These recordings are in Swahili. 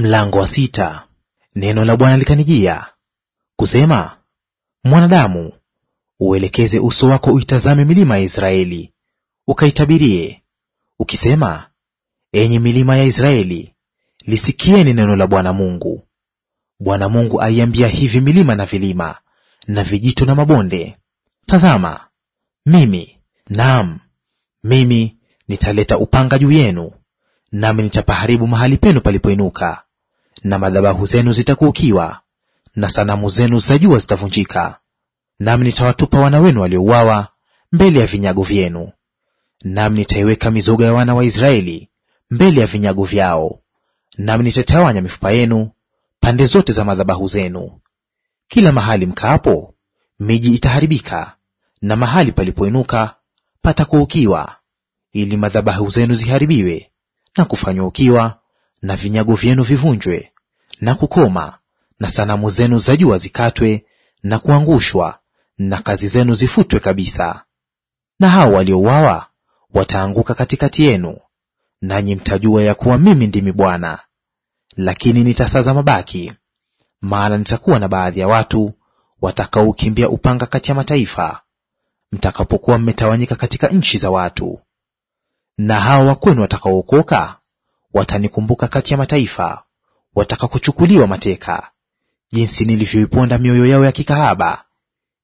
Mlango wa sita. Neno la Bwana likanijia kusema, mwanadamu, uelekeze uso wako uitazame milima ya Israeli, ukaitabirie ukisema, enyi milima ya Israeli, lisikieni neno la Bwana Mungu. Bwana Mungu aiambia hivi milima na vilima na vijito na mabonde, tazama, mimi, naam mimi, nitaleta upanga juu yenu, nami nitapaharibu mahali penu palipoinuka na madhabahu zenu zitakuukiwa, na sanamu zenu za jua zitavunjika. Nami nitawatupa wana wenu waliouawa mbele ya vinyago vyenu, nami nitaiweka mizoga ya wana wa Israeli mbele ya vinyago vyao, nami nitatawanya mifupa yenu pande zote za madhabahu zenu. Kila mahali mkaapo, miji itaharibika, na mahali palipoinuka patakuukiwa, ili madhabahu zenu ziharibiwe na kufanywa ukiwa na vinyago vyenu vivunjwe na kukoma, na sanamu zenu za jua zikatwe na kuangushwa, na kazi zenu zifutwe kabisa. Na hao waliouawa wataanguka katikati yenu, nanyi mtajua ya kuwa mimi ndimi Bwana. Lakini nitasaza mabaki, maana nitakuwa na baadhi ya watu watakaoukimbia upanga kati ya mataifa, mtakapokuwa mmetawanyika katika nchi za watu. Na hao wakwenu watakaookoka Watanikumbuka kati ya mataifa watakakochukuliwa mateka, jinsi nilivyoiponda mioyo yao ya kikahaba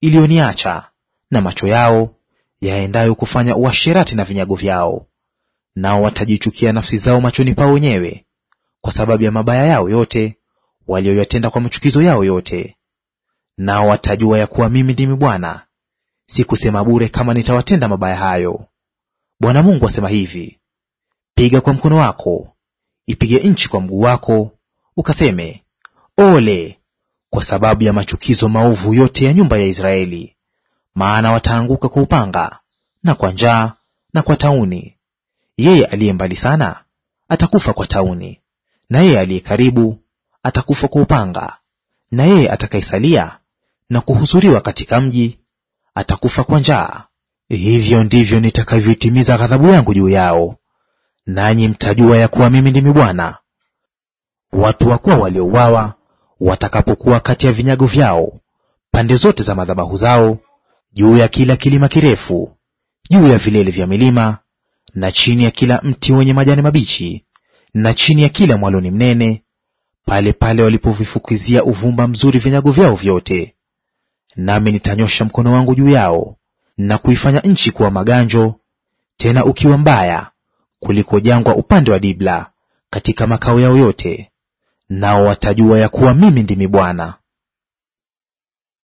iliyoniacha, na macho yao yaendayo kufanya uasherati na vinyago vyao. Nao watajichukia nafsi zao machoni pao wenyewe kwa sababu ya mabaya yao yote walioyatenda kwa machukizo yao yote. Nao watajua ya kuwa mimi ndimi Bwana, sikusema bure kama nitawatenda mabaya hayo. Bwana Mungu asema hivi: piga kwa mkono wako ipige nchi kwa mguu wako, ukaseme, Ole! Kwa sababu ya machukizo maovu yote ya nyumba ya Israeli, maana wataanguka kwa upanga na kwa njaa na kwa tauni. Yeye aliye mbali sana atakufa kwa tauni, na yeye aliye karibu atakufa kwa upanga, na yeye atakayesalia na kuhusuriwa katika mji atakufa kwa njaa. Hivyo ndivyo nitakavyoitimiza ghadhabu yangu juu yao nanyi mtajua ya kuwa mimi ndimi Bwana watu wakuwa waliouawa watakapokuwa kati ya vinyago vyao pande zote za madhabahu zao, juu ya kila kilima kirefu, juu ya vilele vya milima, na chini ya kila mti wenye majani mabichi, na chini ya kila mwaloni mnene, pale pale walipovifukizia uvumba mzuri vinyago vyao vyote. Nami nitanyosha mkono wangu juu yao na kuifanya nchi kuwa maganjo, tena ukiwa mbaya, kuliko jangwa upande wa Dibla, katika makao yao yote; nao watajua ya kuwa mimi ndimi Bwana .’